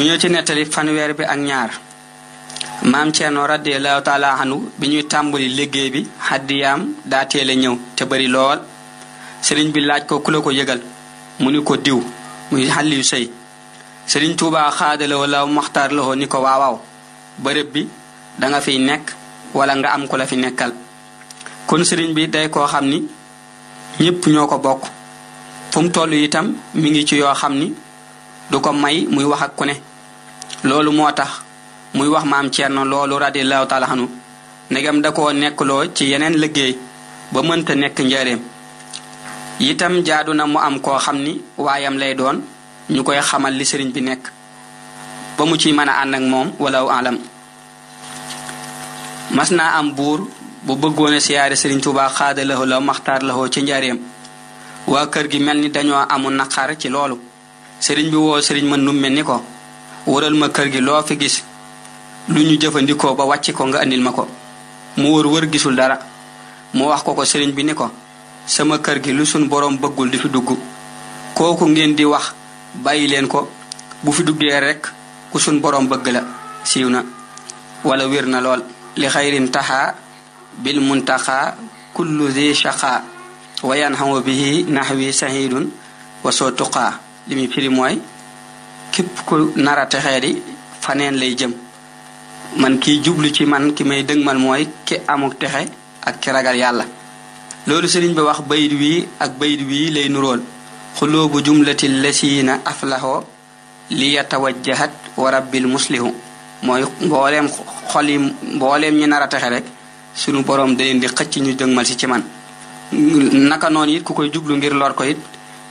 ñu ñëw ci nettali fanweer bi ak ñaar maam Ceerno radiyallahu taala anhu bi ñuy tàmbali liggéey bi xaddiyaam daa ñëw te bari lool sëriñ bi laaj ko ku la ko yëgal mu ni ko diw muy xalli yu sëy sëriñ Tuubaa xaadala wala maxtaar ni ko waawaw bërëb bi danga fi nekk wala nga am ko la fi nekkal kon sëriñ bi day koo xam ni ñépp ñoo ko bokk fu mu toll itam mi ngi ci yoo xam ni du ko may muy waxak ko ne loolu moo tax muy wax maam Cerno loolu radiallahu taala anhu ndegam da koo nekkloo ci yeneen liggéey ba mënta nekk njaareem itam jaadu na mu am koo xam ni waayam lay doon ñu koy xamal li sëriñ bi nekk ba mu ci mën a ànd moom walaw alam mas naa am buur bu bëggoon a siyaare sëriñ Tuubaa xaada laxo la maxtaar laxoo ci njaareem waa kër gi mel ni dañoo amul naqar ci loolu sëriñ bi woo sëriñ mën num mel ni ko waral ma kër gi loo fi gis lu ñu jëfandikoo ba wàcci ko nga andil ma ko mu wër wër gisul dara mu wax ko ko sëriñ bi ni ko sama kër gi lu suñ boroom bëggul di fi dugg kooku ngeen di wax bàyyi leen ko bu fi duggee rekk ku suñ borom bëgg la siiw na walla wér na lool li xayrin taxaa bil muntaxaa kullu di shaqaa wayan xamu bihi naxwi sahidun wasoo tuqaa li muy firi képp ku nar a texee di faneen lay jëm man kiy jublu ci man ki may dëgmal mooy ki amuk texe ak ki ragal yàlla loolu si sëriñ bi wax bayit wii ak bayit wii lay nurool xuloobu jumlati lesiina aflaxoo li yatawajjahat wa rabbil muslihu mooy mbooleem xol yi mbooleem ñi nar a texe rek sunu boroom da leen xëcc ñu dëgmal si ci man naka noonu it ku koy jublu ngir lor ko it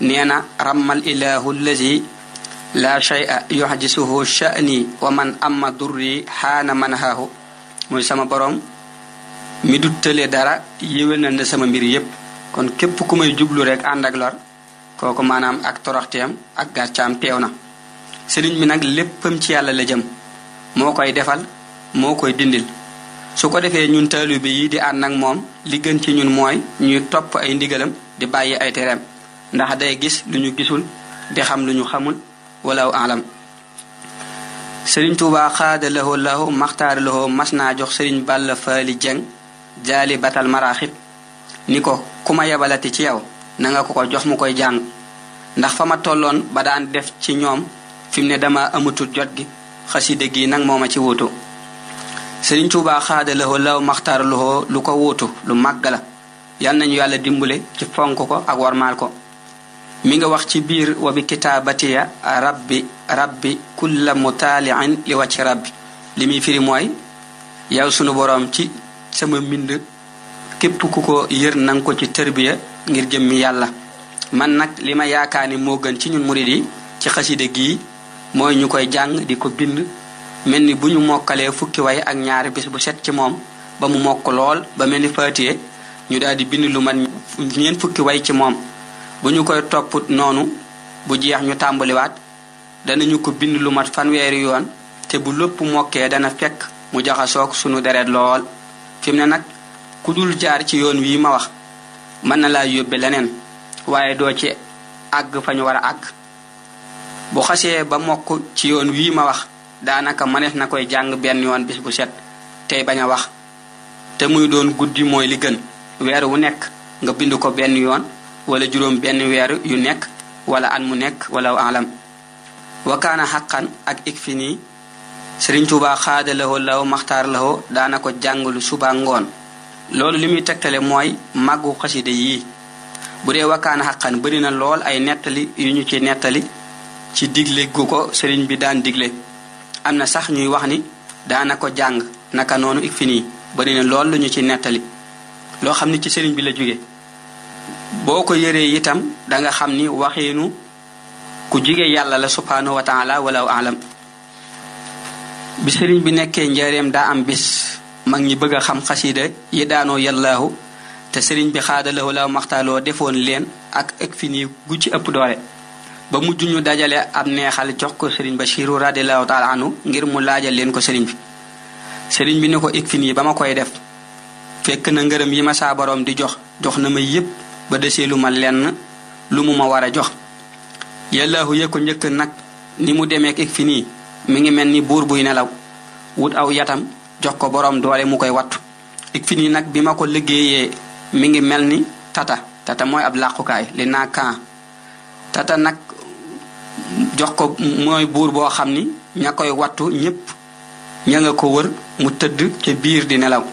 nee na ramal ilaahu laa shay'a yuhjisuhu sha'ni wa man amma durri xaana manhaahu mooy sama borom mi du tële dara yéwél na ne sama mbir yépp kon képp ku may jublu rek ànd ak lor kooku maanaam ak toroxteem ak gàccaam teew na sëriñ bi nag léppam ci yàlla la jëm moo koy defal moo koy dindil su ko defee ñun taalibe yi di ànd ak moom li gën ci ñun mooy ñuy topp ay ndigalam di bàyyi ay tereem ndax day gis lu ñu gisul di xam lu ñu xamul walaaw alam sëriñ tuubaa xaada lahoo lahoo maxtaari lahoo mas naa jox sëriñ bàll faali jeng jaali batal maraaxib ni ko ku ma yebalati ci yow nanga ko ko jox mu koy jàng ndax fa ma tolloon ba def ci ñoom fi ne dama amatul jot gi xaside gi nag moo ma ci wuutu sëriñ tuubaa xaada lahoo lahoo maxtaari lahoo lu ko wuutu lu màgg la yal nañu yàlla dimbule ci fonk ko ak warmaal ko mi nga wax ci biir wa bi kitabatiya rabbi rabbi kulla mutaaliin li wacci rabbi li muy firi mooy yow sunu borom ci sama mbind képp ku ko yër nang ko ci tërbiya ngir jëm mi yàlla man nag li ma yaakaani moo gën ci ñun murid yi ci xaside gii mooy ñu koy jàng di ko bind mel ni bu ñu mokkalee fukki way ak ñaari bis bu set ci moom ba mu mokk lool ba mel ni faatiye ñu daal di bind lu man ñeen fukki way ci moom bu ñu koy topput noonu bu jeex ñu tàmbaliwaat danañu ko bind lu mat fanweeri yoon te bu lépp mokkee dana fekk mu jaxasoog sunu deret lool fi mu ne nag ku dul jaar ci yoon wii ma wax mën na laa yóbbe leneen waaye doo ci àgg fa ñu war a àgg bu xasee ba mokk ci yoon wii ma wax daanaka manees na koy jàng yoon bis bu set tey bañ wax te muy doon guddi mooy li gën weer wu nekk nga bind ko benn yoon wala juróom benn weer yu nekk wala an mu nekk wala alam wa kaana xaqan ak ikfini sëriñ tuuba xaada lawo law maxtaar lawo daana ko jàngalu suba ngoon loolu li muy tegtale mooy màggu xaside yii bu dee wakkaan xaqan bari na lool ay nettali yu ñu ci nettali ci digle gu ko sëriñ bi daan digle am na sax ñuy wax ni daana ko jàng naka noonu ik fi nii bari na lool lu ñu ci nettali loo xam ni ci sëriñ bi la jóge boo ko yëree itam danga xam ni waxiinu ku jige yàlla la subhaanahu wa taala wala alam bi sëriñ bi nekkee njareem daa am bis mag ñi bëgg a xam xasida yi daanoo yàllaahu te sëriñ bi xaadalawoo la maxtaaloo defoon leen ak eg fi gu ci ëpp doole ba mujj ñu dajale ab neexal jox ko sëriñ Bachiru radiallahu taala anhu ngir mu laajal leen ko sëriñ bi sëriñ bi ne ko eg fi ba ma koy def fekk na ngërëm yi ma saa di jox jox na ma yépp ba desee lu ma lenn lu mu ma war a jox yàllaahu yëg ko njëkk nag ni mu demee ak fi nii mi ngi mel ni buur buy nelaw wut aw yatam jox ko borom doole mu koy wattu ik fi nii nag bi ma ko liggéeyee mi ngi mel ni tata tata mooy ab làqukaay li naa kan tata nag jox ko mooy buur boo xam ni ña koy wattu ñépp ña nga ko wër mu tëdd ca biir di nelaw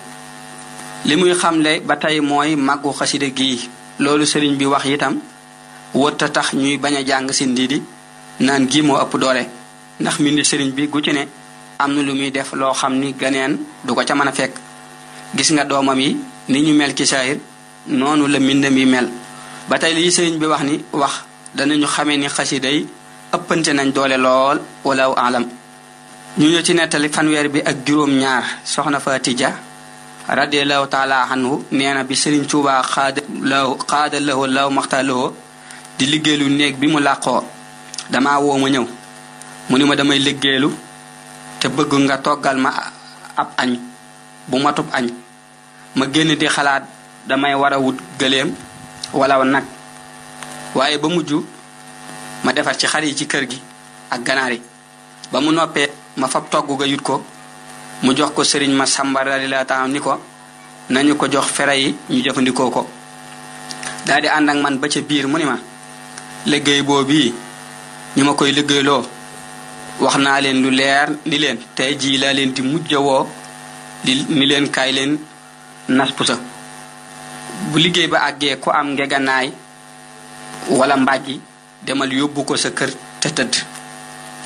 li muy xamle ba tey mooy màggu xasida gii loolu sëriñ bi wax itam wëtta tax ñuy bañ a jàng si ndiidi naan gi moo ëpp doole ndax mbindi sëriñ bi gu ci ne am na lu muy def loo xam ni ganeen du ko ca mën a fekk gis nga doomam yi ni ñu mel ki saayir noonu la mbindam yi mel ba tey lii sëriñ bi wax ni wax ñu xamee ni xasida yi ëppante nañ doole lool walaw alam ñu ñëw ci nettali fanweer bi ak juróom-ñaar soxna Faatija radiyallahu taala anhu nee na bi sëriñ Tuubaa xaada laahu xaada lahoo laahu maxta di liggéeyu néeg bi mu làqoo dama woo ma ñëw mu ni ma damay liggéeylu te bëgg nga toggal ma ab añ bu matub añ ma génn di xalaat damay war a wut gëléem wala nag waaye ba mujj ma defar ci xar yi ci kër gi ak ganaar yi ba mu noppee ma fab togg ga yut ko mu jox ko sëriñ ma sàmba radiyallaahu taala ni ko nañu ko jox fere yi ñu jëfandikoo ko daadi ànd ak man ba ca biir mu ni ma liggéey boobu yi ñu ma koy liggéeyloo wax naa leen lu leer ni leen tey jii laa leen di mujj a woo li ni leen kaay leen nas pusa bu liggéey ba àggee ku am ngeganaay wala mbàjji demal yóbbu ko sa kër te tëdd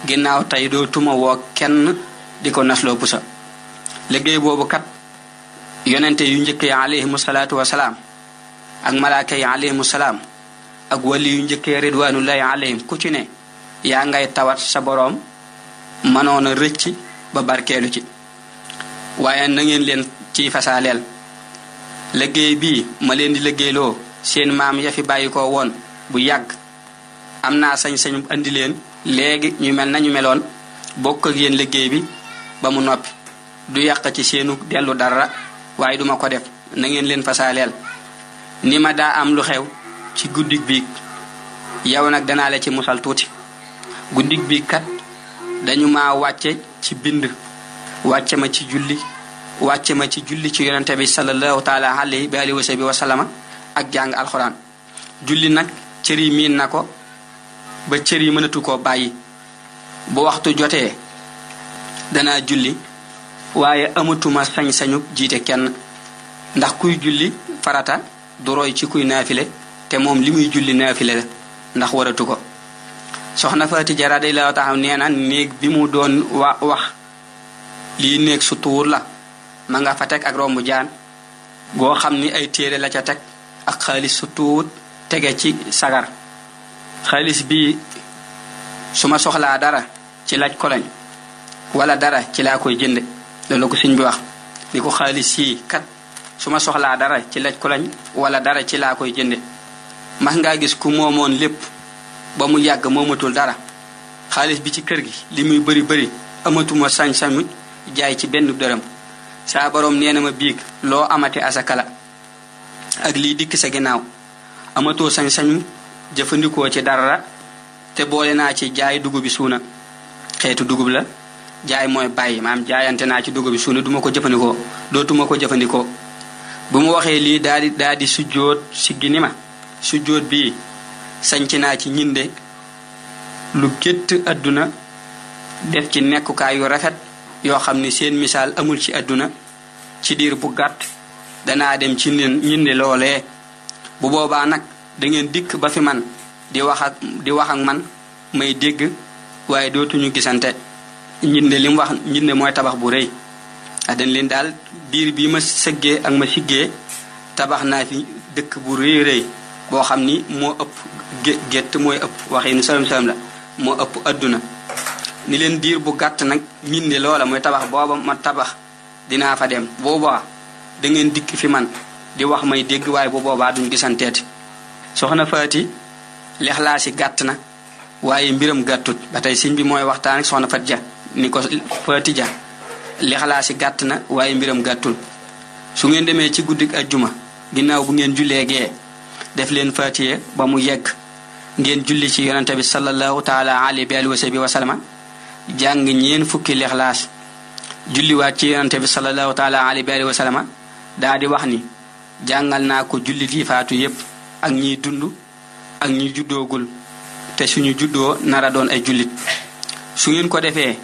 ginnaaw tey doo tuma woo kenn di ko nasloo pusa liggéey boobu kat yonente yu njëkk yi alayhimu salaatu wasalaam ak malaaka yi alayhimu salaam ak wali yu njëkkee ridwanullahi alayhim ku ci ne yaa ngay tawat sa boroom mënoon a rëcc ba barkeelu ci waaye nangeen leen ciy fasaaleel liggéey bi ma leen di liggéeyloo seen maam ya fi bàyyi woon bu yàgg am naa sañ-sañ andi leen léegi ñu mel nañu meloon bokk ak yéen liggéey bi ba mu noppi du yàq ci seenu dellu dara waaye duma ko def na ngeen leen fasaaleel ni ma daa am lu xew ci guddig biig yow nag danaa la ci musal tuuti guddig biig kat dañu ma wàcce ci bind wàcce ma ci julli wàcce ma ci julli ci yonente bi salallahu taala alayhi bi alihi wasabi wa ak jàng alxuraan julli nag cër miin na ko ba cër yi mënatu ko bàyyi bu waxtu jotee danaa julli waaye amatuma sañ-sañu jiite kenn ndax kuy julli farata du roy ci kuy naafile te moom li muy julli naafile la ndax waratu ko soxna Faati Jara day la taxaw nee na néeg bi mu doon wa wax lii néeg su la ma nga fa teg ak rombu jaan goo xam ni ay téere la ca teg ak xaalis su tege ci sagar xaalis bi suma ma soxlaa dara ci laaj ko lañ wala dara ci laa koy jënd loolu ko bi wax ni ko xaalis yi kat su ma soxlaa dara ci laj ku lañ wala dara ci laa koy jënde mas ngaa gis ku moomoon lépp ba mu yàgg moomatul dara xaalis bi ci kër gi li muy bëri bëri amatuma sañ jaay ci benn dërëm saa boroom nee na biig loo amate asaka ak lii dikk sa ginnaaw amatoo sañ-sañu jëfandikoo ci dara te boole naa ci jaay dugub bi suuna xeetu dugub la jaay mooy bàyyi maam jaayante naa ci dugub bi suuna duma ko jëfandikoo dootuma ko jëfandikoo bu mu waxee lii daal di daal di sujjóot siggi ni ma sujjóot bii sanc naa ci ñinde lu gétt àdduna def ci nekkukaay yu rafet yoo xam ni seen misaal amul ci àdduna ci diir bu gàtt danaa dem ci ñinde loolee bu boobaa nag dangeen dikk ba fi man di wax man may dégg waaye dootuñu gisante ñinde li mu wax ñinde mooy tabax bu rëy a dañ leen daal diir bii ma sëggee ak ma siggee tabax naa fi dëkk bu rëy rëy boo xam ni moo ëpp gé mooy ëpp waxee ni salam la moo ëpp adduna ni leen diir bu gàtt nag min ne loola mooy tabax booba ma tabax dinaa fa dem booba da ngeen dikk fi man di wax may dégg waaye bu boobaa duñ gisanteeti soxna Faati lexlaas yi gàtt na waaye mbiram gàttut ba tey sëñ bi mooy waxtaan ak soxna Faati ja ni ko Faati ja li gàtt na waaye mbiram gàttul su ngeen demee ci guddik ajjuma ginnaaw bu ngeen jullee gee def leen fatiye ba mu yegg ngeen julli ci yonente bi sallallahu taala ali bi alihi wa jàng ñeen fukki lixlaas julliwaat ci yonente bi sallallahu taala ali bi alihi wa wax ni jàngal naa ko julli yi faatu yépp ak ñi dund ak ñi juddoogul te suñu juddoo nara doon ay jullit su ngeen ko defee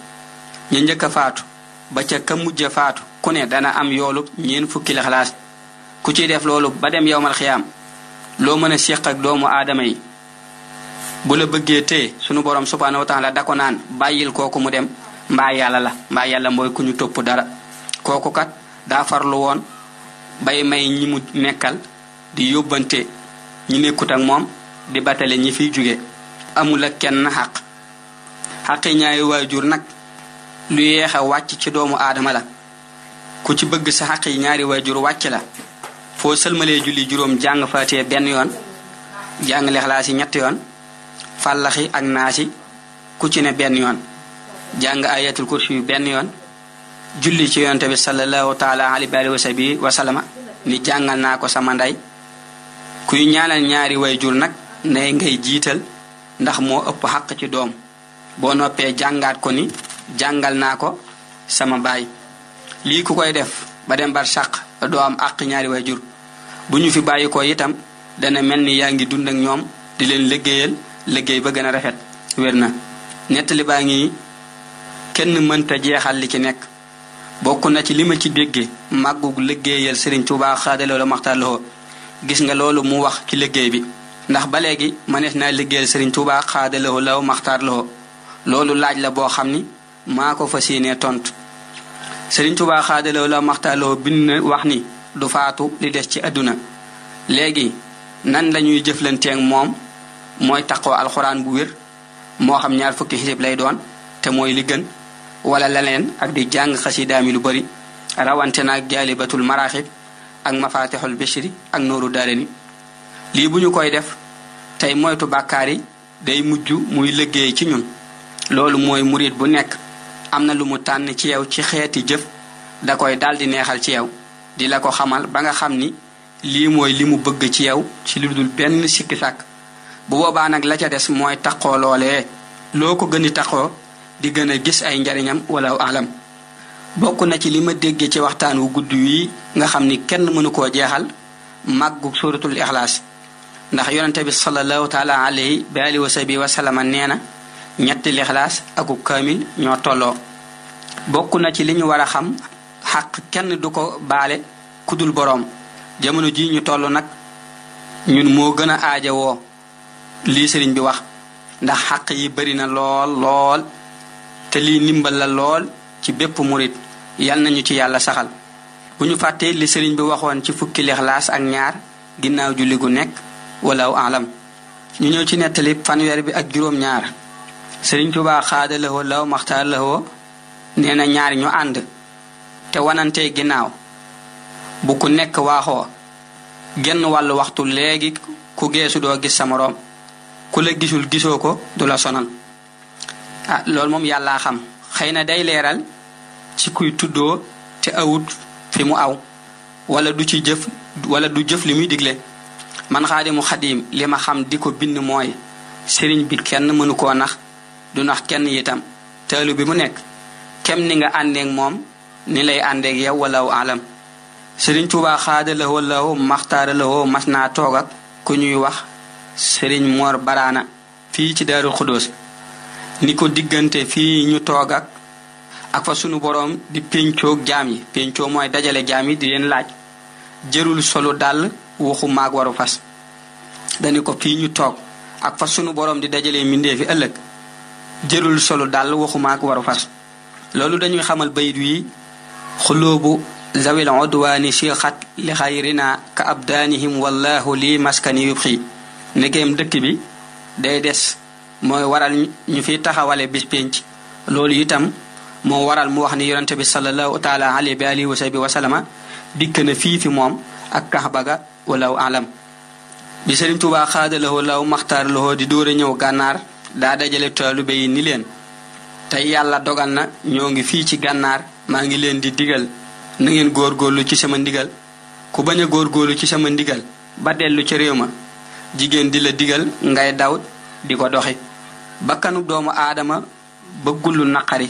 ñu njëkk a faatu ba ca ka mujj faatu ku ne dana am yoolub ñeen fukki lixlaas ku ciy def loolu ba dem yowmal xiyaam loo mën a séq ak doomu aadama yi bu la bëggee tee sunu borom subhaanahu wa taala da ko naan bàyyil kooku mu dem mbaa yàlla la mbaa yàlla mooy ku ñu topp dara kooku kat daa farlu woon bay may ñi mu nekkal di yóbbante ñi nekkut ak moom di batale ñi fi jóge amula kenn xaq xaqi ñaari waajur nag lu yéex a wàcc ci doomu aadama la ku ci bëgg sa xaq yi ñaari jur wàcc la foo sëlmalee julli juróom jàng faatee benn yoon jàng lexlaasi ñetti yoon fàllaxi ak naa ci ku ci ne benn yoon jàng ayatul yu benn yoon julli ci yonte bi sallallahu taala alayhi wa sabi ni jàngal naa ko sama ndey kuy ñaanal ñaari jur nag ne ngay jiital ndax moo ëpp xaq ci doom boo noppee jàngaat ko ni jàngal naa ko sama baay lii ku koy def ba dem bar sàq doo am àq ñaari way jur bu ñu fi bàyyi ko itam dana mel ni yaa ngi dund ak ñoom di leen liggéeyal liggéey ba gën a rafet wér na nettali baa ngi kenn mënta jeexal li ci nekk bokk na ci li ma ci déggee màggug liggéeyal Sëriñ Tuubaa xaadaloo la maxtaarloo gis nga loolu mu wax ki liggéey bi ndax ba léegi mënees naa liggéeyal Sëriñ Tuubaa xaadaloo la maxtaarloo loolu laaj la boo xam ni maa ko fas yéenee tontu Sëriñ Tuubaa xaadaloo la maxtaaloo bind wax ni du faatu li des ci àdduna léegi nan lañuy jëflanteeg moom mooy taqoo alxuraan bu wér moo xam ñaar fukki xisib lay doon te mooy li gën wala leneen ak di jàng xasidaami lu bari rawante na ak jaalibatul maraaxib ak mafatixul bishri ak nooru daarani lii bu ñu koy def tey moytu bàkkaar yi day mujj muy liggéey ci ñun loolu mooy murit bu nekk am na lu mu tànn ci yow ci xeeti jëf da koy daldi neexal ci yow di la ko xamal ba nga xam ni lii mooy li mu bëgg ci yow ci lu dul benn sikki sàkk bu boobaa nag la ca des mooy taqoo loolee loo ko gën a di gën a gis ay njariñam walla alam bokk na ci li ma déggee ci waxtaan wu gudd wii nga xam ni kenn mënu koo jeexal màggu suratul ixlaas ndax yonente bi sallallahu taala alayhi bi alihi wa sahbi wa nee na ñetti lixlaas aku kaamil ñoo tolloo bokk na ci li ñu war a xam xaq kenn du ko baale kudul boroom jamono ji ñu toll nag ñun moo gën a aajowoo lii sëriñ bi wax ndax xaq yi bari na lool lool te lii ndimbal la lool ci bépp murit yal nañu ci yàlla saxal bu ñu fàttee li sëriñ bi waxoon ci fukki lixlaas ak ñaar ginnaaw julli gu nekk walaw alam ñu ñëw ci nettali fanweer bi ak juróom ñaar Sëriñ Tuubaa xaada lawoo law maxtaar lawoo nee na ñu ànd te wanantee ginnaaw bu ku nekk waaxoo genn wàllu waxtu léegi ku geesu doo gis sa moroom ku la gisul gisoo ko du la sonal ah loolu moom yàllaa xam xëy na day leeral ci kuy tuddoo te awut fi mu aw walla du ci jëf wala du jëf li muy digle man xaadimu xadim li ma xam di ko bind mooy sëriñ bi kenn mënu ko nax du nax kenn itam taalu bi mu nekk kem ni nga àndeeg moom ni lay àndeeg yow walaw alam sëriñ Tuubaa xaada lahoo lahoo maxtaara lahoo mas naa toog ak ku ñuy wax sëriñ Moor Baraana fii ci Daaru Xudóos ni ko diggante fii ñu toog ak ak fa sunu boroom di péncoog jaam yi péncoo mooy dajale jaam yi di leen laaj jërul solo dàll waxu maag waru fas dani ko fii ñu toog ak fa sunu boroom di dajale mbindee fi ëllëg jërul solo daal waxuma ak waru fas loolu dañuy xamal bayit wi xuluubu zawil odwaani sixat li xayrina ka abdaanihim wallahu li maskani yubxi negeem dëkk bi day des mooy waral ñu fi taxawale bis pénc loolu itam moo waral mu wax ni yonente bi salallahu taala alayhi bi alihi wa dikk na fii fi moom ak kaxba ga walaw alam bi sëriñ tubaa xaadalahoo law maxtaar lahoo di dóore ñëw gànnaar daa dajale taalibe yi ni leen tey yàlla dogal na ñoo ngi fii ci gànnaar maa ngi leen di digal na ngeen góorlu ci sama ndigal ku bañ a góorlu ci sama ndigal ba dellu ca réew ma jigéen di la digal ngay daw di ko doxi kanu doomu aadama bëggul lu naqari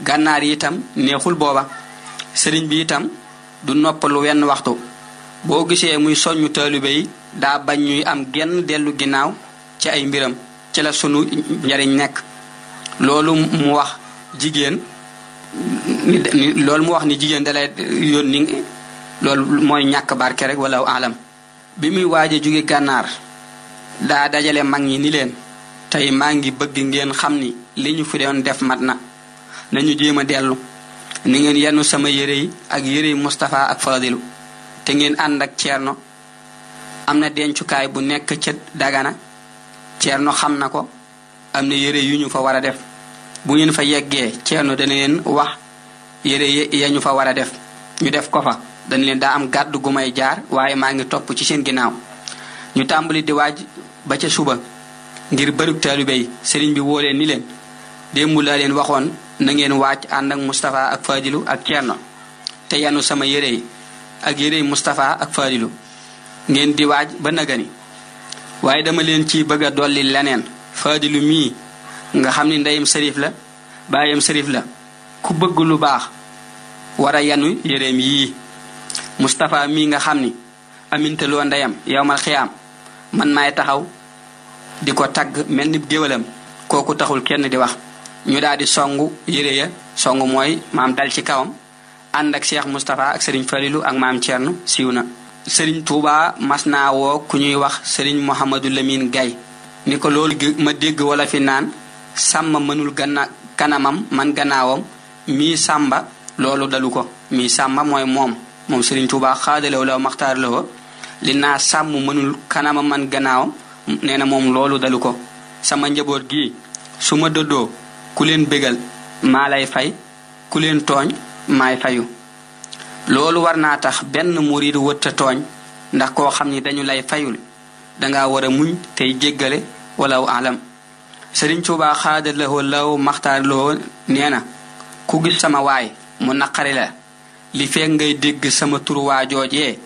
gannaar yi itam neexul booba sëriñ bi itam du noppalu wenn waxtu boo gisee muy soññu taalibe yi daa bañ ñuy am genn dellu ginnaaw ci ay mbiram ci la sunu njariñ nekk loolu mu wax jigéen loolu mu wax ni jigéen dalay yónni loolu mooy ñàkk barke rek wala alam bi muy waaje jóge gànnaar daa dajale mag ñi ni leen tey maa ngi bëgg ngeen xam ni fi doon def mat na nañu jéem a dellu ni ngeen yenu sama yére yi ak yére yi mustapha ak fadilu te ngeen ànd ak ceerno am na bu nekk ca dagana Ceerno xam na ko am na yére yu ñu fa war a def bu ngeen fa yeggee Ceerno dana leen wax yére ya ñu fa war a def ñu def ko fa dañ leen daa am gàddu gu may jaar waaye maa ngi topp ci seen ginnaaw ñu tàmbali di waaj ba ca suba ngir bërug taalibe sëriñ bi woo leen ni leen démb laa leen waxoon na ngeen waaj ànd ak Moustapha ak Fadilu ak Ceerno te yanu sama yére yi ak yére yi Moustapha ak Fadilu ngeen di waaj ba nagani waaye dama leen ci bëgg a dolli leneen faadilu mii nga xam ni ndeyam sërif la baayam sërif la ku bëgg lu baax war a yanu yéreem yii Moustapha mii nga xam ni amintaloo ndeyam yow yowmal xiyaam man maay taxaw di ko tagg mel ni géwalam kooku taxul kenn di wax ñu daal songu yére ya songu mooy maam dal ci kawam ànd ak Cheikh Moustapha ak Serigne Falilou ak maam Thierno siiw na sëriñ Touba mas naa woo ku ñuy wax sëriñ Mouhamadou Lamine Gaye ni ko loolu ma dégg walla fi naan sàmm mënul ganna kanamam man gannaawam mii sàmba loolu dalu ko mii sàmba mooy moom moom sëriñ Touba xaadalawo law maxtaar lawo li naa sàmm mënul kanamam man gannaawam nee na moom loolu dalu ko sama njaboot gi su ma dëddoo ku leen bégal maa lay fay ku leen tooñ maay fayu loolu war naa tax benn murid wëtta tooñ ndax koo xam ni dañu lay fayul danga war a muñ tey jéggale walla alam Sëriñ Tuubaa xaada lawo law maxtaar na ku sama waay mu naqari la li fekk ngay dégg sama tur waa joojee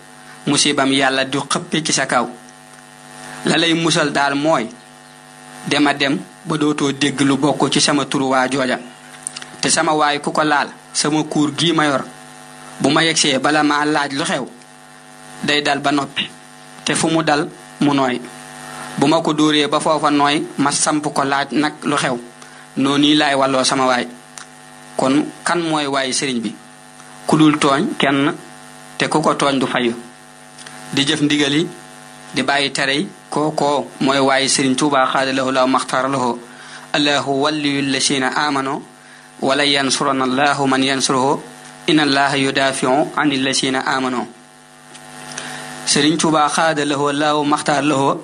musibam yàlla du xëppi ci sa kaw la lay musal daal mooy dema dem ba dootoo dégg lu bokk ci sama tur waa te sama waay ku ko laal sama kuur gi ma yor bu ma yegsee bala maa laaj lu xew day dal ba noppi te fu mu dal mu nooy bu ma ko dóoree ba foofa nooy ma samp ko laaj nag lu xew noonu nii laay walloo sama waay kon kan mooy waay sëriñ bi ku dul tooñ kenn te ku ko tooñ du fayu di jëf ndigal yi di bàyyi tere yi kookoo mooy waayu sëriñ Tuubaa xaadalahu law maxtaara lahu allahu walliyu lasina amano wala yansurana allahu man yansuruhu inna allaha yudafiu an illazina amano sëriñ Tuubaa xaada lahoo laaw maxtaar lahoo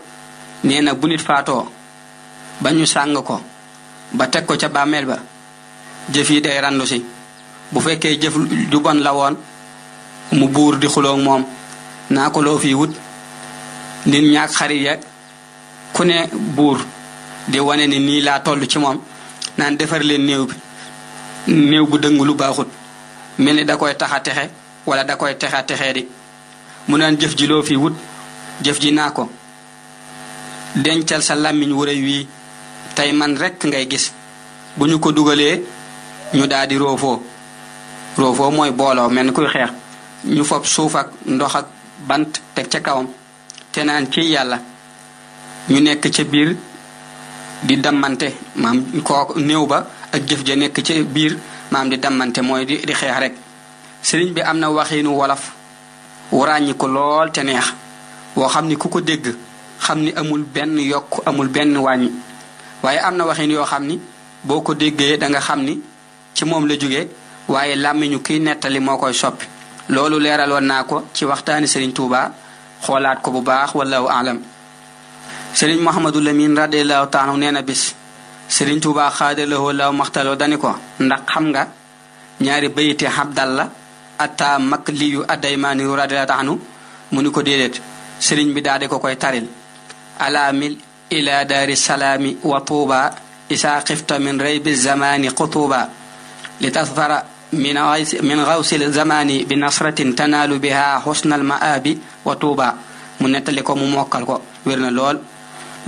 nee na bu nit faatoo ba ñu sàng ko ba teg ko ca bàmmeel ba jëf yi day randu si bu fekkee jëf ju bon la woon mu buur di xuloo moom naa ko loo fi wut nit ñaak xarit ya ku ne buur di wane ni nii laa toll ci moom naan defar leen néew bi néew bu dëng lu baaxut mel ni da koy taxa texe wala da koy tex texe texee di mu naan jëf ji loo fi wut jëf ji naa ko dencal sa làmmiñ wuréy wii tey man rekk ngay gis bu ñu ko dugalee ñu daal di roofoo roofoo mooy booloo mel ni kuy xeex ñu fob suuf ak ndox ak bant teg ca kawam te naan ci yàlla ñu nekk ca biir di dammante maam koo néew ba ak jëf ja nekk ca biir maam di dammante mooy di di xeex rek sëriñ bi am na waxiinu wolof wu ràññi ko lool te neex woo xam ni ku ko dégg xam ni amul benn yokk amul benn wàññi waaye am na waxiin yoo xam ni boo ko déggee da nga xam ni ci moom la jóge waaye làmmiñu kiy nettali moo koy soppi loolu leeraloon naa ko ci waxtaani sëriñ Tuuba xoolaat ko bu baax wallahu alam sëriñ Mouhamadou Lamine radiallahu taala nee bis Sëriñ Tuubaa xaadalawoo law maxtaloo dani ko ndax xam nga ñaari bayiti Abdalla atta mag liyu addaymaani radiyallahu anhu mu ni ko déedéet bi daade ko koy taril alaamil ila daari salaami wa tuuba isaa xifta min raybi zamaani qutuuba li tasfara min xawsil zamaani bi nasratin tanaalu biha xusnal maabi wa tuuba mu nettali ko mu mokkal ko wér na lool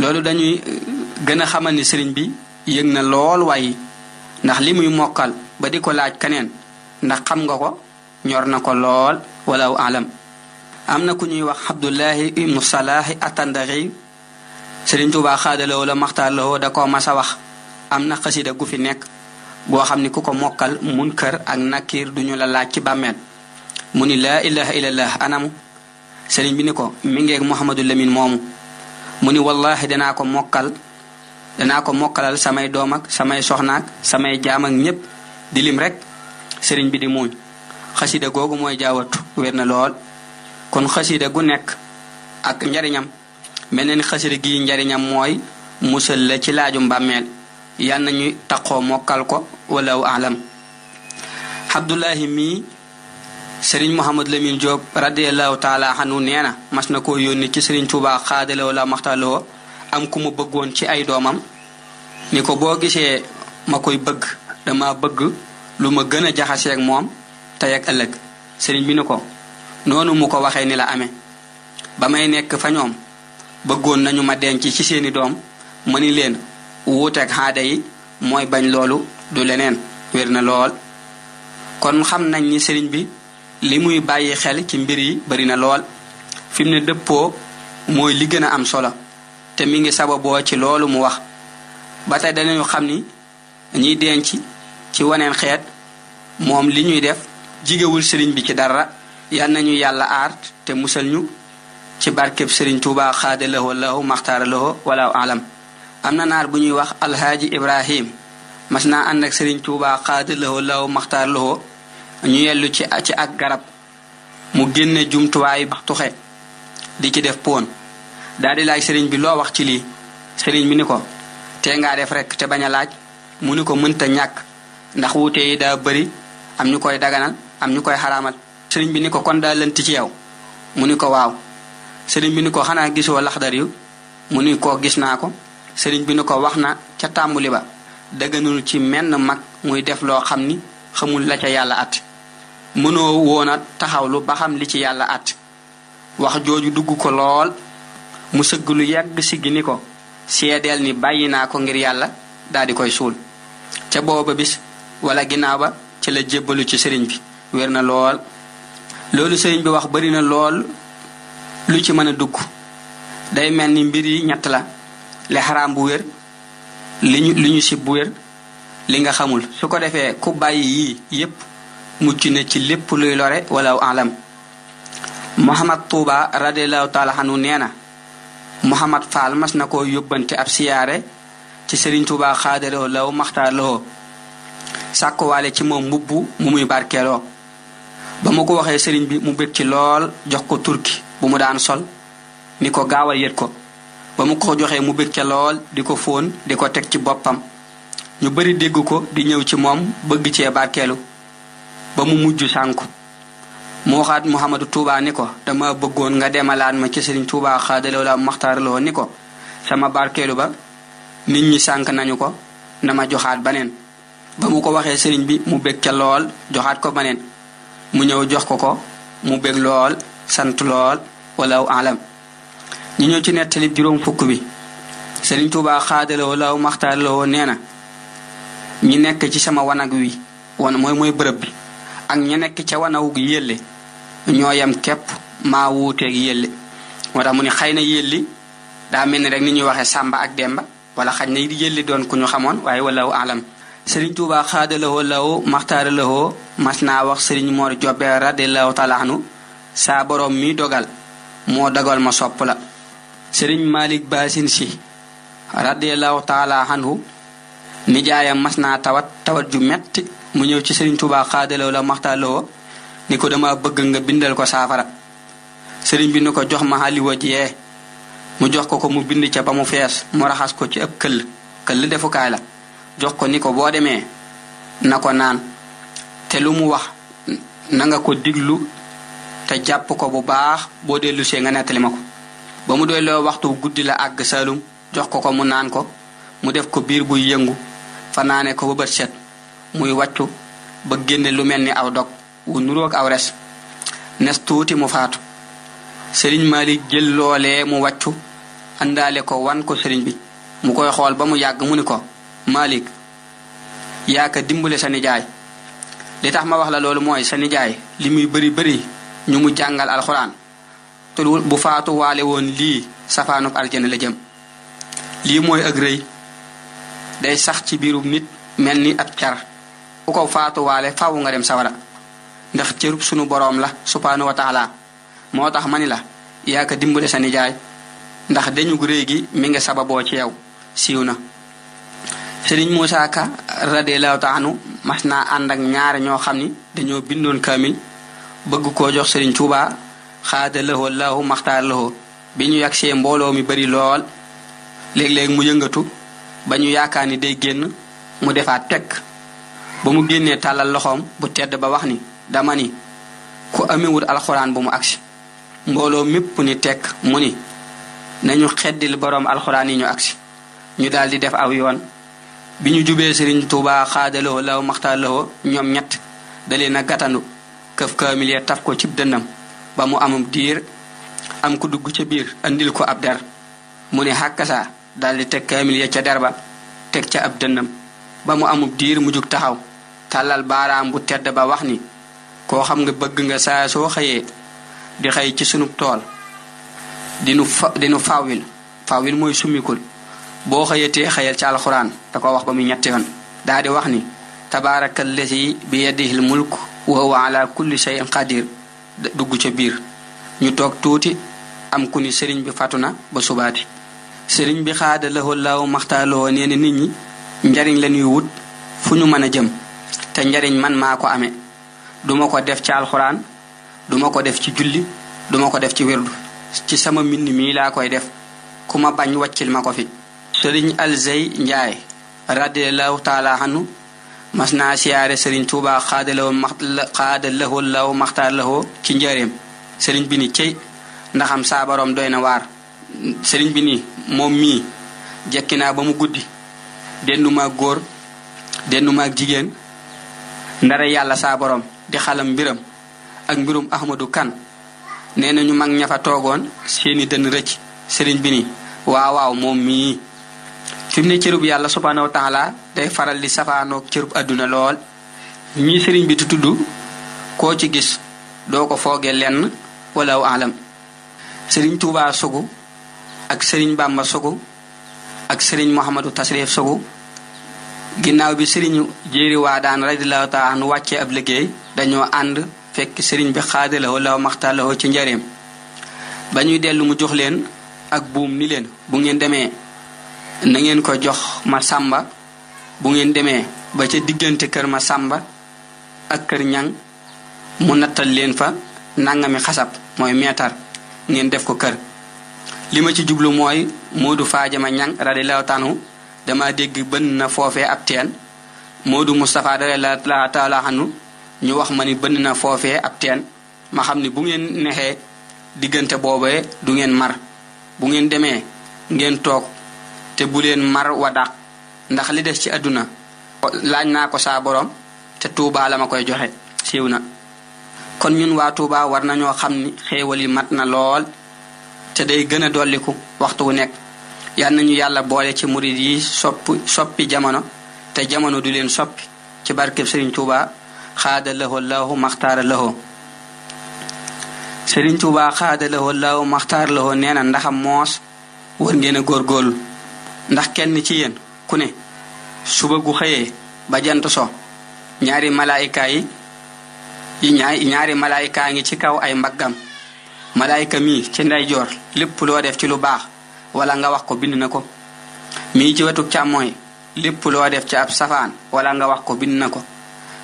loolu dañuy gën a ni sëriñ bi yëg na lool waaye ndax li muy mokkal ba di ko laaj keneen ndax xam nga ko ñor na ko lool walaw alam am na ku ñuy wax Abdullahi ibnu Salaahi Attandari Sëriñ Tuubaa xaadaloo la maxtaarloo da ko masa wax am na xasida gu fi nekk goo xam ni ku ko mokkal munkar ak nakiir duñu la laaj ci bàmmeel mu ni laa ilaha illallah anamu sëriñ bi ni ko mi ngeeg Muhammadu Lamin moomu mu ni wallahi danaa ko mokkal danaa ko mokkalal samay doom ak samay soxnaak samay jaam ak ñépp di lim rek sëriñ bi di muuñ xasida googu mooy jaawatu wér na lool kon xasida gu nekk ak njariñam mel na ni xasida gi njariñam mooy musal la ci laaju mbàmmeel yal na ñuy taqoo mokkal ko walaw alam Abdullahi mii sëriñ Mouhamad Lamine Diop radiallahu taala xanu nee na mas na koo yónni ci sëriñ Tuubaa xaadaloo la maxtaloo am ku mu bëggoon ci ay doomam ni ko boo gisee ma koy bëgg dama bëgg lu ma gën a jaxaseeg moom tey ak ëllëg sëriñ bi ni ko noonu mu ko waxee ni la amee ba may nekk fa ñoom bëggoon nañu ma denc ci seeni doom ma ni leen wuuteeg xaada yi mooy bañ loolu du leneen wér na lool kon xam nañ ni sëriñ bi li muy bàyyi xel ci mbir yi bari na lool fi ne dëppoo mooy li gën a am solo te mi ngi sababoo ci loolu mu wax ba tey danañu xam ni ñii denc ci waneen xeet moom li ñuy def jigewul sëriñ bi ci dara yal nañu yàlla aar te musal ñu ci barkeb sëriñ Tuuba xaada lahoo lahu maxtaara lahoo wala alam am na naar bu ñuy wax alhaaji ibrahim mas na ànd ak sëriñ Tuuba xaada lahoo lahu maxtaara ñu yellu ci ci ak garab mu génne jumtuwaayu tuxe di ci def poon daal di laaj sëriñ bi loo wax ci lii sëriñ bi ni ko tee ngaa def rekk te bañ a laaj mu ni ko mënta ñàkk ndax wuute yi daa bëri am ñu koy daganal am ñu koy xaraamal sëriñ bi ni ko kon daa lënt ci yow mu ni ko waaw sëriñ bi ni ko xanaa gisoo laxdar yu mu ni ko gis naa ko sëriñ bi ni ko wax na ca tàmbuli ba dëgganul ci menn mag muy def loo xam ni xamul la ca yàlla at mënoo woon a taxawlu ba xam li ci yàlla at wax jooju dugg ko lool mu sëgg lu yàgg siggi ni ko seedeel ni bàyyi naa ko ngir yàlla daal di koy suul ca booba bis wala ginnaaw ba ci la jébbalu ci sëriñ bi wér na lool loolu sëriñ bi wax bari na lool lu ci mën a dugg day mel ni mbir yi ñett la li xaraam bu wér li ñu li ñu sib bu wér li nga xamul su ko defee ku bàyyi yii yépp mucc na ci lépp luy lore wala alam Muhammad Tuuba radiallahu taala xanu nee na muhammad fall mas na ko yobante ab siyaare ci serigne tuba xaadaroo law sakko walé ci mom mubbu mu muy barkeeloo bama ko waxé serigne bi mu bég ci lool jox ko turki bu mu daan sol ni ko gaawal yet ko bama ko joxé mu bég ci lool diko fon diko tek ci bopam ñu bari dégg ko di ñëw ci mom bëgg ci ba mu mu waxaat Muhammadu Tuuba ni ko dama bëggoon nga demalaat ma ci Sëriñ Tuuba xaadalaw la maxtaaraloo ni ko sama barkeelu ba nit ñi sànq nañu ko na ma joxaat baneen ba mu ko waxee sëriñ bi mu bég ca lool joxaat ko baneen mu ñëw jox ko ko mu bég lool sant lool walaw alam ñu ñëw ci nettali juróom fukk bi Sëriñ Tuuba xaadalaw law maxtaaraloo nee na ñi nekk ci sama wanag wi wan mooy mooy bërëb bi ak ña nekk ca wanawug yélle ñoo yem képp maa wuuteeg yëlli moo mu ne xëy na yëlli daa mel ni rek ni ñuy waxee Samba ak Demba wala xaj na yëlli doon ku ñu xamoon waaye wallahu alam sëriñ Tuubaa xaadalawoo law maxtaara lawoo mas naa wax sëriñ Mor Jobe saa boroom mi dogal moo dogal ma sopp la sëriñ Malik Basin si radiallahu taala anhu nijaayam mas naa tawat tawat ju metti mu ñëw ci sëriñ Tuubaa xaadalawo la maxtaara lawoo ni ko dama bëgg nga bindal ko saafara sëriñ bi ni ko jox ma xaliwa jiyee mu jox ko ko mu bind ca ba mu fees mu raxas ko ci ab këll këll defukaay la jox ko ni ko boo demee na ko naan te lu mu wax nanga ko diglu te jàpp ko bu baax boo dellu see nga nettali ma ko ba mu doy loo waxtu guddi la àgg salum jox ko ko mu naan ko mu def ko biir buy yëngu fanaane ko ba bët set muy wàccu ba génne lu mel ni aw dog wu nuroog aw res nes tuuti mu faatu sëriñ Malik jël loole mu wàccu àndaale ko wan ko sëriñ bi mu koy xool ba mu yàgg mu ni ko Malik yaa ka dimbale sa nijaay li tax ma wax la loolu mooy sa nijaay li muy bëri bëri ñu mu jàngal alxuraan te bu faatu waale woon lii safaanub aljana la jëm lii mooy ak day sax ci biirum nit mel ni ab car ku ko faatuwaale fawu nga dem sawara ndax cërub sunu borom la subhanahu wa taala motax manila ya ka dimbulé sa nijaay ndax dañu gu gi mi nga sababo ci yow siwna serigne sëriñ Moussa Ka radiallahu taanu mas naa ànd ak ñaar ño xamni dañu bindon kamil bëgg ko jox serigne Touba khadalahu allah lahu biñu yaksé mbolo mi bari lol leg leg mu yëngatu bañu ñu day genn mu defa tek ba mu génnee tàllal loxoom bu tedd ba wax ni dama ni ku amewul alxuraan bu mu agsi mbooloo mépp ni teg mu ni nañu xeddil borom alxuraan yi ñu agsi ñu daal di def aw yoon bi ñu jubee sëriñ Tuubaa xaadaloo law maxtaaloo ñoom ñett dalee na gàttandu këf kaamil ya taf ko cib dënnam ba mu amum diir am ku dugg ci biir andil ko ab der mu ne xàkkasaa daal di teg kaamil ya ca der ba teg ca ab dënnam ba mu amub diir mu jug taxaw tàllal baaraam bu tedd ba wax ni koo xam nga bëgg nga saa soo xëyee di xëy ci sunub tool dinu fawil fawil mooy summikul boo xëyatee xëyal ci alxuraan da ko wax ba muy ñetti yoon daa di wax ni tabaraka allazi bi yadihil mulk wa huwa ala kulli shay'in qadir dugg ca biir ñu toog tuuti am kuni sëriñ bi fattu na ba subaati sëriñ bi xaada lahoo laaw maxtaaloo nee nit ñi njariñ la ñuy wut fu ñu mën a jëm te njariñ man maa ko amee duma ko def ci alxuraan duma ko def ci julli duma ko def ci wirdu ci sama mbind mii laa koy def ku ma bañ waccil ma ko fi sëriñ alzey njaay radiallahu taala hanu mas naa siyaare sëriñ tuuba xaadalaw xaadalawo law maxta lawoo ci njëreem sëriñ bi ni cey ndaxam saa doy na waar sëriñ bi ni moom mii jekki naa ba mu guddi dendumaag góor dendumaag jigéen ndare yàlla saabaroom di xalam mbiram ak mbirum ahmadu kan neena ñu mag ñafa togon seeni dënn recc serigne bi ni waaw waaw mom mi fi ne subhanahu wa taala day faral di safaanoog cërub aduna lol ñi serigne bi di tudd ko ci gis do ko foge len walaw alam serigne touba sugu ak serigne bamba sugu ak serigne muhammadu tasrif sugu ginaaw bi serigne jeri wadan radhiyallahu taala nu ab liggey dañoo ànd fekk sëriñ bi xaadalawoo law maxtaalawoo ci njareem ba ñuy dellu mu jox leen ak buum ni leen bu ngeen demee na ngeen ko jox ma samba bu ngeen demee ba ca diggante kër ma samba ak kër ñang mu nattal leen fa nangami xasab mooy meetar ngeen def ko kër li ma ci jublu mooy moodu faajama ñang tanu dama dégg bën na foofee ab teen moodu mustapha la taala hanu ñu wax ma ni bënn na foofee ab teen ma xam ni bu ngeen nexee diggante boobee du ngeen mar bu ngeen demee ngeen toog te bu leen mar wa dàq ndax li des ci àdduna laaj naa ko saa borom te tuubaa la ma koy joxe siiw na kon ñun waa tuubaa war nañoo xam ni xéewal yi mat na lool te day gën a dolliku waxtu wu nekk yal nañu yàlla boole ci murid yi soppi soppi jamono te jamono du leen soppi ci barkeb Sëriñ Tuubaa xaada lahoo laahu maxtaara lahoo Sëriñ Tuubaa xaada lahoo laahu maxtaara lahoo nee na ndaxam moos war ngeen a góorgóorlu ndax kenn ci yéen ku ne suba gu xëyee ba jant so ñaari malaayika yi ñaari malaayika ngi ci kaw ay mbaggam malaayika mii ci ndeyjoor lépp loo def ci lu baax walla nga wax ko bind na ko mii ci wetu càmmooy lépp loo def ci ab safaan wala nga wax ko bind na ko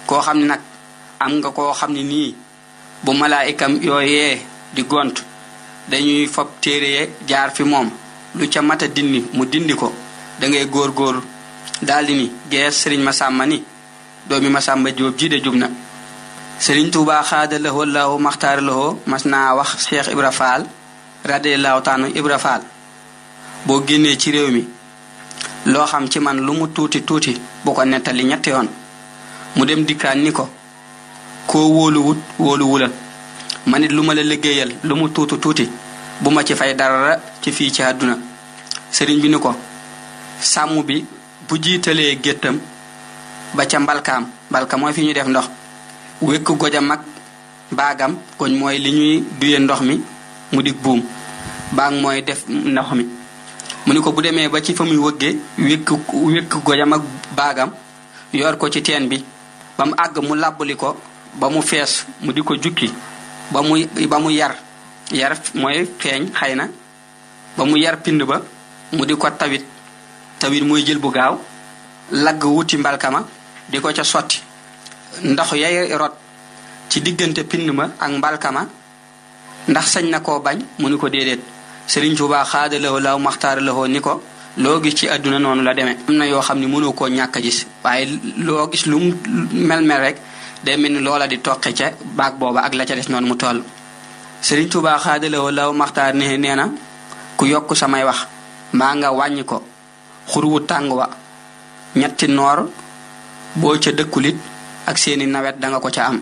koo xam ne nag am nga koo xam ne nii bu malaayikam yooyee di gont dañuy fob téere ya jaar fi moom lu ca mata dindi mu dindi ko da ngay góor góor daldi ni gees sëriñ masàmba ni doomi masàmba jóob ji de jub na sëriñ tuuba xaada lahoo lahu maxtaar mas naa wax cheikh ibra faal radiallahu taanu ibra faal boo génnee ci réew mi loo xam ci man lu mu tuuti tuuti bu ko nettali ñetti yoon mu dem dikkaan ni ko koo wóoluwut wóoluwula ma nit lu ma la liggéeyal lu mu tuuti tuuti bu ma ci fay dara ci fii ci àdduna sëriñ bi ni ko sàmm bi bu jiitalee géttam ba ca mbalkaam mbalka mooy fi ñu def ndox wékk goj a mag baagam koñ mooy li ñuy duye ndox mi mu dig buum baag mooy def ndox mi mu ni ko bu demee ba ci fa muy wëgge wékk wékk gojam ak baagam yor ko ci teen bi ba mu àgg mu làbbali ko ba mu fees mu di ko jukki ba mu ba mu yar yar mooy feeñ xëy na ba mu yar pind ba mu di ko tawit tawit mooy jël bu gaaw lagg wuti mbalkama di ko ca sotti ndox yay rot ci diggante pind ma ak mbalkama ndax sañ na koo bañ mu ni ko déedéet Sëriñ Tuubaa xaadalawoo law maxtaaralawoo ni ko loo ci àdduna noonu la deme am na yoo xam ne mënoo koo ñàkk a waaye loo gis lu mel-mel rek day ni loola di toqi ca baag booba ak la ca des noonu mu toll Sëriñ Tuubaa xaadalawo law maxtaar ne nee na ku yokk samay wax maa nga wàññi ko xurwu tàng wa ñetti noor boo ca dëkkulit ak seeni nawet danga ko ca am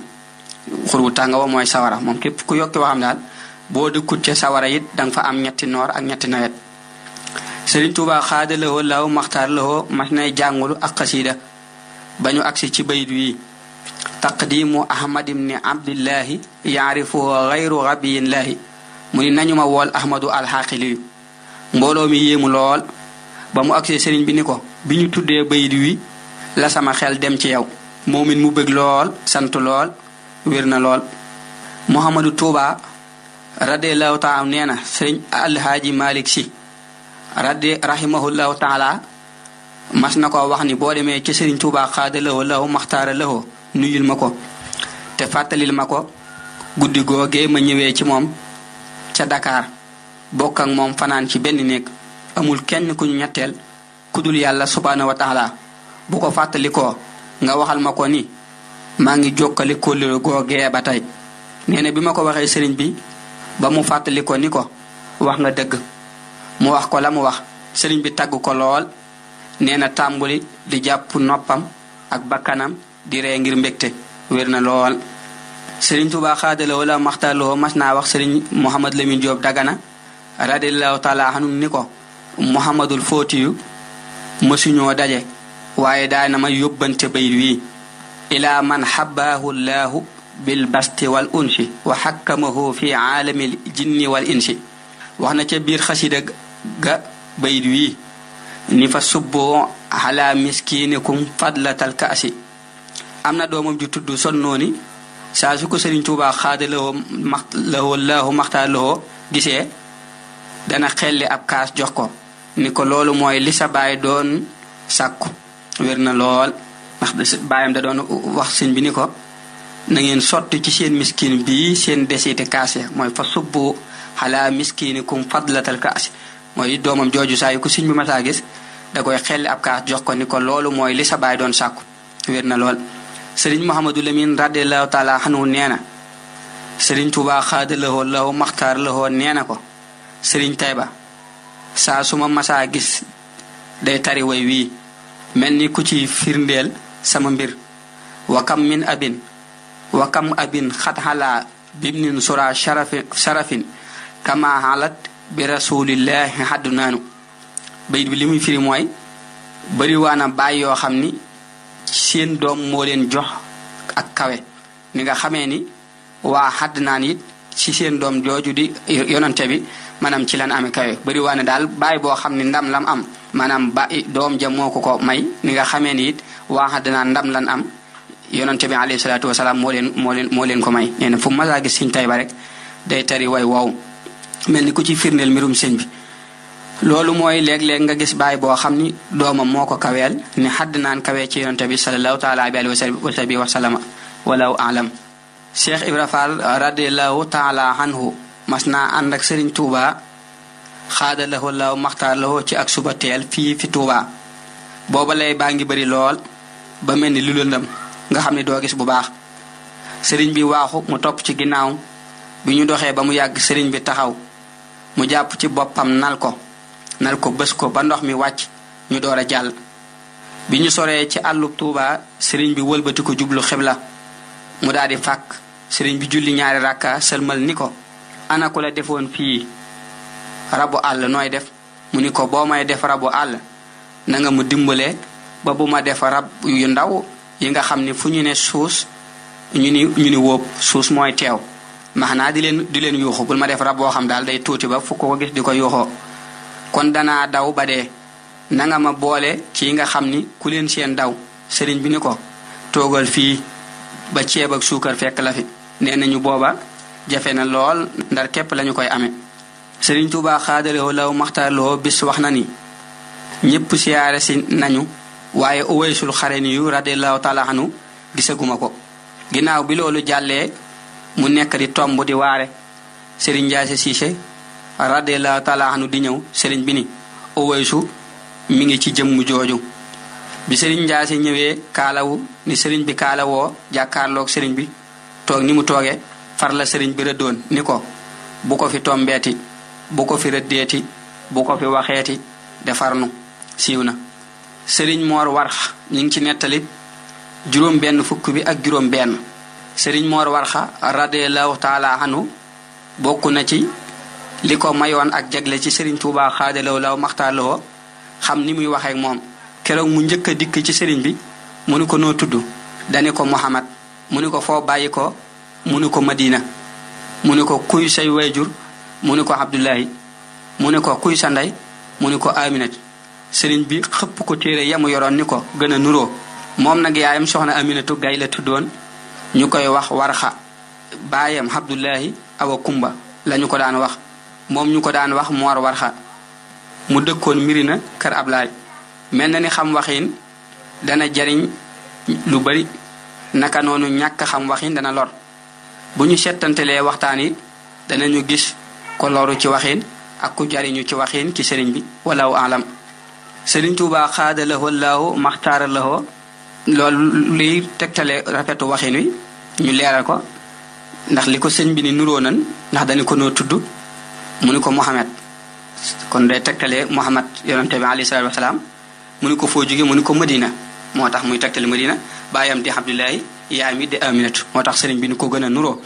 xurwu tàng wa mooy sawara moom képp ku yokki waxam daal boo dëkkut ca sawara it danga fa am ñetti noor ak ñetti nawet Sëriñ Tuubaa xaada lawoo laaw maxtaar lawoo mas nay jàngulu ak xasiida ba ñu agsi ci bayit wi taqdimu ahmad ibni abdillahi yaarifuhu gayru rabiyillaahi mu ni nañu ma wool ahmadu alxaaqiliyu mbooloo mi yéemu lool ba mu agsee sëriñ bi ni ko bi ñu tuddee bayit wi la sama xel dem ci yow moomin mu bëgg lool sant lool wér na lool Muhammadu Tuubaa radiallahu taala nee na sëriñ alhaaji Malik Si radi rahimahullahu taala mas na ko wax ni boo demee ci sëriñ Tuubaa xaada lawoo law maxtaara lawoo nuyul ma ko te fàttalil ma ko guddi googee ma ñëwee ci moom ca dakaar bokk ak moom fanaan ci benn néeg amul kenn ku ñu ñetteel ku dul yàlla subhaanahu wa taala bu ko fàttalikoo nga waxal ma ko ni maa ngi jokkale kóllëre googee ba tey nee na bi ma ko waxee sëriñ bi ba mu fàttali ko ni ko wax nga dëgg mu wax ko la mu wax sëriñ bi taggu ko lool nee na tàmbuli di jàpp noppam ak bakkanam di ree ngir mbégte wér na lool sëriñ Tuubaa xaadaloo la maxtaloo mas naa wax sëriñ Mouhamad Lamine Diop Dagana radiallahu taala anhu ni ko Mouhamadul Footiyu mësuñoo daje waaye daana ma yóbbante bayit wii ila man xabbaahu llaahu bil basti wal unsi wa xakkamahu fi aalami jinni wal insi wax na ca biir xasida ga bayit wi ni fa subboo ala miskinikum fadlatal kaasi am na doomam ju tudd sonnooni saa su ko sëriñ Tuubaa xaada lawoo max maxtaa lawoo gisee dana xelli ab kaas jox ko ni ko loolu mooy li sa doon sàkku wér na lool ndax da doon wax sëñ bi ni ko na ngeen sotti ci seen miskin bi seen desiti kaase mooy fa subbu xalaa miskinikum fadlatal kaasi mooy doomam jooju saa yu ko sëñ bi masaa gis da koy xelli ab kaas jox ko ni ko loolu mooy li sa baay doon sàkku wér na lool sëriñ Mouhamadou Lamine radiallahu taala anhu nee na sëriñ Tuubaa xaada lahoo maxtaar lahoo nee na ko sëriñ Tayba saa suma masaa gis day tari way wii mel ni ku ci firndeel sama mbir wakam min abin wakam abin xat xalaa bibnin sura sharafin kama halat bi rasulillahi xaddu naanu bayit bi li muy firi mooy bari waana baay yoo xam ni seen doom moo leen jox ak kawe ni nga xamee ni waa xadd naan it ci seen doom jooju di yonante bi maanaam ci lan amee kawe bari waane daal baay boo xam ni ndam lam am maanaam ba doom ja moo ko ko may ni nga xamee ni it waa xadd naan ndam lan am yonante bi alayhi salaatu wasalaam moo leen moo leen moo leen ko may nee na fu gis siñ tay ba rek day tari way wow mel ni ku ci firndeel mbirum sëñ bi loolu mooy léeg-léeg nga gis baay boo xam ni doomam moo ko kaweel ni xadd naan kawee ci yonante bi salallahu taala alayhi wa sahbi wa salama mas naa ànd ak sëriñ tuuba xaada lahu law maxtaar lahu ci ak suba teel fii fi tuuba booba lay baa ngi bari lool ba mel ni lu lëndam nga xam ni doo gis bu baax sëriñ bi waaxu mu topp ci ginnaaw bi ñu doxee ba mu yàgg sëriñ bi taxaw mu japp ci bopam nal ko nal ko bes ko ba ndox mi wacc ñu doora jall bi ñu sore ci allu tuuba serigne bi wëlbati ko jublu xibla mu daal fak serigne bi julli ñaari rakka selmal niko ana ko la defoon fi rabu all noy def mu ni ko boo may def rabu all na nga mu dimbale ba buma def rab yu ndaw yi nga xamni fu ñu ne sus ñu ni ñu ni wop moy tew maanaa di leen di leen yuuxu bul ma def rab boo xam daal day tuuti ba fukk ko gis di ko yuuxoo kon danaa daw ba dee na nga ma boole ci nga xam ni ku leen seen daw sëriñ bi ni ko toogal fii ba ceeb ak suukar fekk la fi nee ñu booba jafe na lool ndar képp lañu koy ame sëriñ Tuubaa xaadalewoo law maxtarloo bis wax na ni ñépp siyaare si nañu waaye uwaysul xare ni yu radiallahu taala anu ko ginnaaw bi jàllee mu nekk di tomb di waare sëriñ njaase siise radiallahu taala anu di ñëw sëriñ bi ni o waysu mi ngi ci jëmm jooju bi sëriñ njaase ñëwee kaalawu ni sëriñ bi kaala woo jàkkaarloog sëriñ bi toog ni mu toogee far la sëriñ bi rëddoon ni ko bu ko fi tombeeti bu ko fi rëddeeti bu ko fi waxeeti defarnu siiw na sëriñ moor warx ñi ngi ci nettali juróom benn fukk bi ak juróom benn sëriñ moor warxa radiallahu taala anhu bokk na ci li ko mayoon ak jagle ci sëriñ tuubaa xaadalaw law maxtaaloo xam ni muy waxeek moom keroog mu njëkk a dikk ci sëriñ bi mu ni ko noo tudd dani ko muhammad mu ni ko foo bàyyi ko mu ni ko madina mu ni ko kuy say wayjur mu ni ko abdullahi mu ni ko kuy sa ndey mu ni ko aminat sëriñ bi xëpp ko téere yamu yoroon ni ko gën a nuroo moom nag yaayam soxna aminatu gay la tuddoon ñu koy wax warxa baayam Abdullahi awa kumba la ñu ko daan wax moom ñu ko daan wax mu war warxa mu dëkkoon Mirina kër Ablaay mel na ni xam waxin dana jariñ lu bari naka noonu ñàkk xam waxin dana lor bu ñu settantelee waxtaan dana ñu gis ko loru ci waxin ak ku jariñu ci waxin ci sëriñ bi walaahu alam sëriñ Tuubaa xaada lahoo laahu maxtaara lahoo loolu luy tegtale rafetu waxin wi ñu leeral ko ndax li ko sëñ bi ni nuroo nan ndax dañu ko noo tudd mu ni ko Muhammad kon day tegtale Muhammad yonante bi alayhi salaatu wasalaam mu ni ko foo jóge mu ni ko Madina moo tax muy tegtale Madina baayam di Abdullahi yaayam yi di Aminatu moo tax sëriñ bi ni ko gën a nuroo